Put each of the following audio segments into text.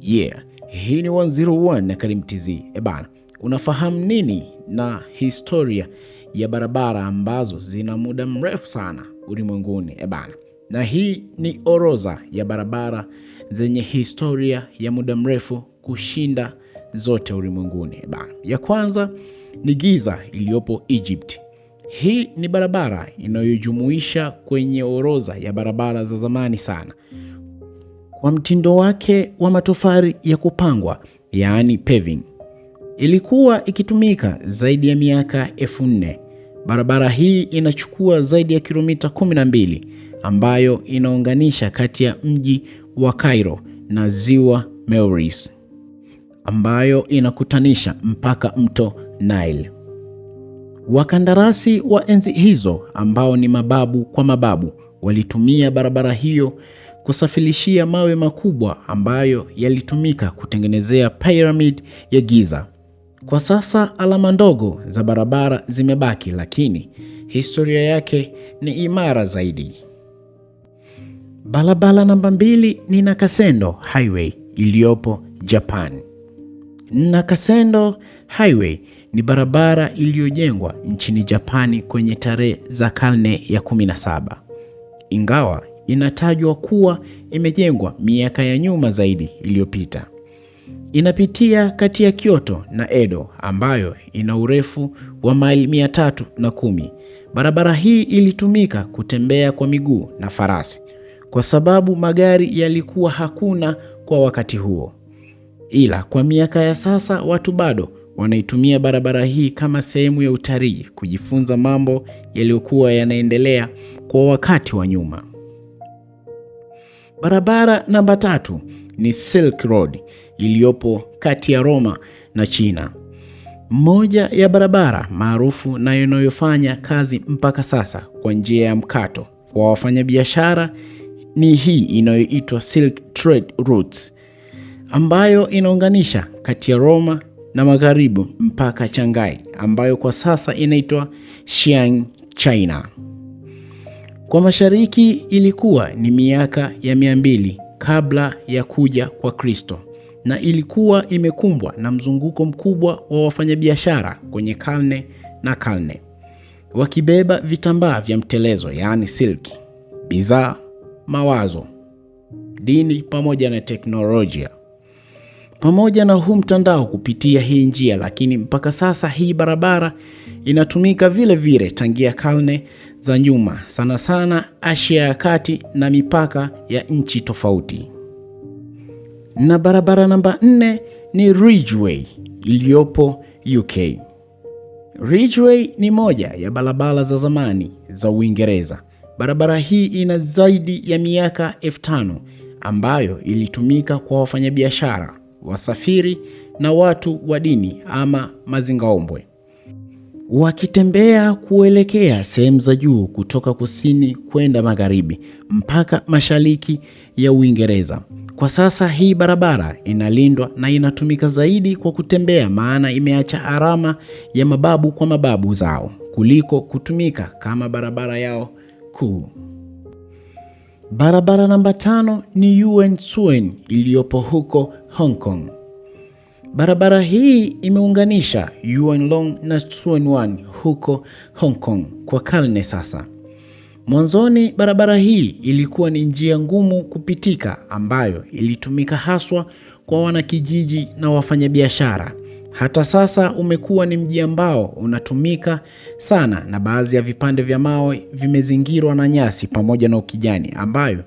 Yeah, hii ni 101 na Karim TZ. E eh bana, unafahamu nini na historia ya barabara ambazo zina muda mrefu sana ulimwenguni? E bana, na hii ni orodha ya barabara zenye historia ya muda mrefu kushinda zote ulimwenguni. E bana, ya kwanza ni Giza iliyopo Egypt. Hii ni barabara inayojumuisha kwenye orodha ya barabara za zamani sana wa mtindo wake wa matofali ya kupangwa yaani paving ilikuwa ikitumika zaidi ya miaka elfu nne. Barabara hii inachukua zaidi ya kilomita 12 ambayo inaunganisha kati ya mji wa Cairo na ziwa Meuse ambayo inakutanisha mpaka mto Nile. Wakandarasi wa enzi hizo ambao ni mababu kwa mababu walitumia barabara hiyo kusafilishia mawe makubwa ambayo yalitumika kutengenezea pyramid ya Giza. Kwa sasa alama ndogo za barabara zimebaki, lakini historia yake ni imara zaidi. Barabara namba mbili ni Nakasendo Highway iliyopo Japan. Nakasendo Highway ni barabara iliyojengwa nchini Japani kwenye tarehe za karne ya 17. Ingawa inatajwa kuwa imejengwa miaka ya nyuma zaidi iliyopita. Inapitia kati ya Kyoto na Edo ambayo ina urefu wa maili mia tatu na kumi. Barabara hii ilitumika kutembea kwa miguu na farasi kwa sababu magari yalikuwa hakuna kwa wakati huo. Ila kwa miaka ya sasa watu bado wanaitumia barabara hii kama sehemu ya utalii, kujifunza mambo yaliyokuwa yanaendelea kwa wakati wa nyuma. Barabara namba tatu ni Silk Road iliyopo kati ya Roma na China. Moja ya barabara maarufu na inayofanya kazi mpaka sasa kwa njia ya mkato kwa wafanyabiashara ni hii inayoitwa Silk Trade Routes ambayo inaunganisha kati ya Roma na magharibu mpaka Shanghai ambayo kwa sasa inaitwa Xi'an China. Kwa Mashariki ilikuwa ni miaka ya mia mbili kabla ya kuja kwa Kristo na ilikuwa imekumbwa na mzunguko mkubwa wa wafanyabiashara kwenye karne na karne, wakibeba vitambaa vya mtelezo, yaani silki, bidhaa, mawazo, dini pamoja na teknolojia pamoja na huu mtandao kupitia hii njia. Lakini mpaka sasa hii barabara inatumika vile vile tangia karne za nyuma, sana sana Asia ya kati na mipaka ya nchi tofauti. Na barabara namba nne ni Ridgeway iliyopo UK. Ridgeway ni moja ya barabara za zamani za Uingereza. Barabara hii ina zaidi ya miaka elfu tano ambayo ilitumika kwa wafanyabiashara, wasafiri na watu wa dini ama mazingaombwe wakitembea kuelekea sehemu za juu kutoka kusini kwenda magharibi mpaka mashariki ya Uingereza. Kwa sasa hii barabara inalindwa na inatumika zaidi kwa kutembea, maana imeacha alama ya mababu kwa mababu zao kuliko kutumika kama barabara yao kuu. Barabara namba tano ni Yuen Tsuen iliyopo huko Hong Kong. Barabara hii imeunganisha Yuen Long na Tsuen Wan huko Hong Kong kwa karne sasa. Mwanzoni barabara hii ilikuwa ni njia ngumu kupitika ambayo ilitumika haswa kwa wanakijiji na wafanyabiashara. Hata sasa umekuwa ni mji ambao unatumika sana na baadhi ya vipande vya mawe vimezingirwa na nyasi pamoja na ukijani ambayo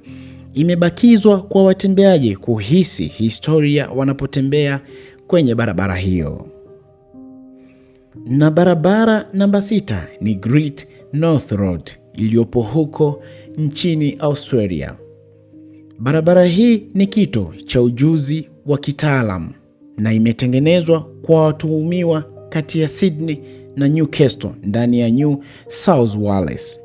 imebakizwa kwa watembeaji kuhisi historia wanapotembea kwenye barabara hiyo. Na barabara namba sita ni Great North Road iliyopo huko nchini Australia. Barabara hii ni kito cha ujuzi wa kitaalam na imetengenezwa kwa watuhumiwa kati ya Sydney na Newcastle ndani ya New South Wales.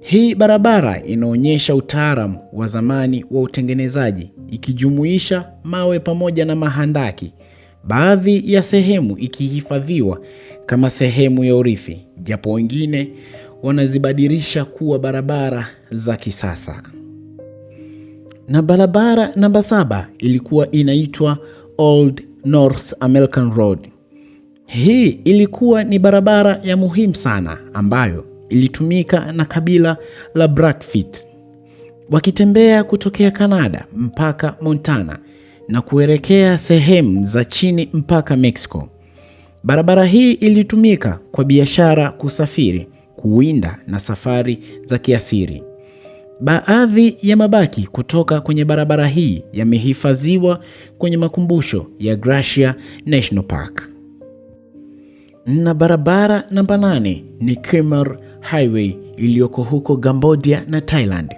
Hii barabara inaonyesha utaalamu wa zamani wa utengenezaji ikijumuisha mawe pamoja na mahandaki baadhi ya sehemu ikihifadhiwa kama sehemu ya urithi, japo wengine wanazibadilisha kuwa barabara za kisasa. Na barabara namba saba ilikuwa inaitwa Old North American Road. Hii ilikuwa ni barabara ya muhimu sana ambayo ilitumika na kabila la Blackfeet wakitembea kutokea Kanada mpaka Montana na kuelekea sehemu za chini mpaka Mexico. Barabara hii ilitumika kwa biashara, kusafiri, kuwinda na safari za kiasiri. Baadhi ya mabaki kutoka kwenye barabara hii yamehifadhiwa kwenye makumbusho ya Gracia National Park. Na barabara namba nane ni Khmer Highway iliyoko huko Cambodia na Thailand.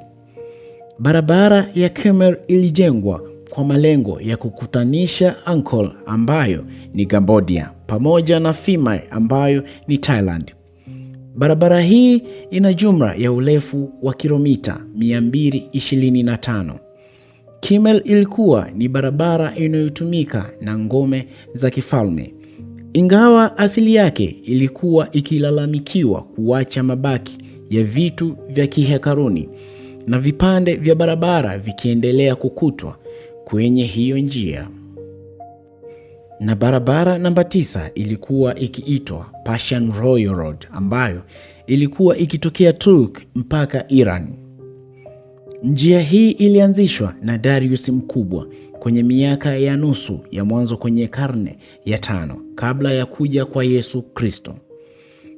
Barabara ya Khmer ilijengwa kwa malengo ya kukutanisha Angkor ambayo ni Cambodia pamoja na Phimai ambayo ni Thailand. Barabara hii ina jumla ya urefu wa kilomita 225. Kimel ilikuwa ni barabara inayotumika na ngome za kifalme, ingawa asili yake ilikuwa ikilalamikiwa kuacha mabaki ya vitu vya kihekaruni na vipande vya barabara vikiendelea kukutwa kwenye hiyo njia. Na barabara namba tisa ilikuwa ikiitwa Persian Royal Road ambayo ilikuwa ikitokea Turk mpaka Iran. Njia hii ilianzishwa na Darius Mkubwa kwenye miaka ya nusu ya mwanzo kwenye karne ya tano kabla ya kuja kwa Yesu Kristo.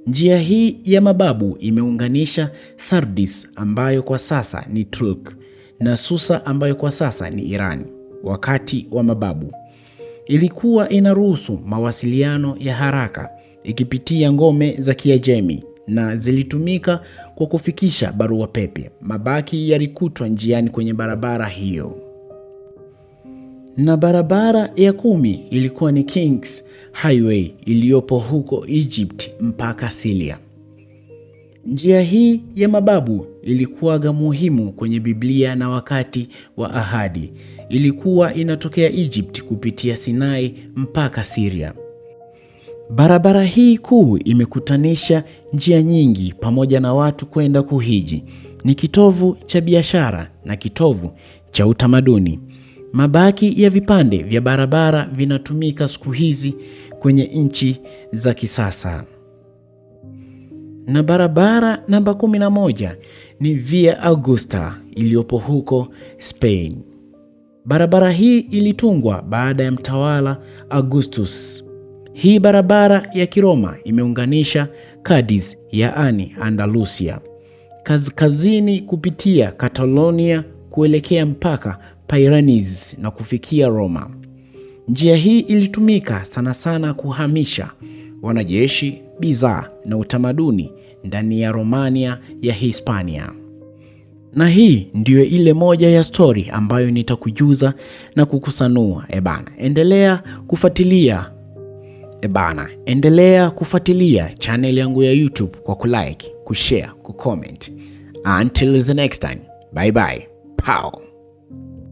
Njia hii ya mababu imeunganisha Sardis ambayo kwa sasa ni Turk na Susa ambayo kwa sasa ni Iran wakati wa mababu. Ilikuwa inaruhusu mawasiliano ya haraka ikipitia ngome za Kiajemi na zilitumika kwa kufikisha barua pepe. Mabaki yalikutwa njiani kwenye barabara hiyo. Na barabara ya kumi ilikuwa ni Kings Highway iliyopo huko Egypt mpaka silia Njia hii ya mababu ilikuwaga muhimu kwenye Biblia na wakati wa ahadi. Ilikuwa inatokea Egypt kupitia Sinai mpaka Syria. Barabara hii kuu imekutanisha njia nyingi pamoja na watu kwenda kuhiji. Ni kitovu cha biashara na kitovu cha utamaduni. Mabaki ya vipande vya barabara vinatumika siku hizi kwenye nchi za kisasa na barabara namba 11 ni Via Augusta iliyopo huko Spain. Barabara hii ilitungwa baada ya mtawala Augustus. Hii barabara ya Kiroma imeunganisha Cadiz, yaani Andalusia, kaskazini kupitia Catalonia kuelekea mpaka Pyrenees na kufikia Roma. Njia hii ilitumika sana sana kuhamisha wanajeshi bidhaa na utamaduni ndani ya Romania ya Hispania. Na hii ndiyo ile moja ya stori ambayo nitakujuza na kukusanua ebana. Endelea kufuatilia ebana, endelea kufuatilia channel yangu ya YouTube kwa kulike, kushare, kucomment. Until the next time, bye bye. Pow.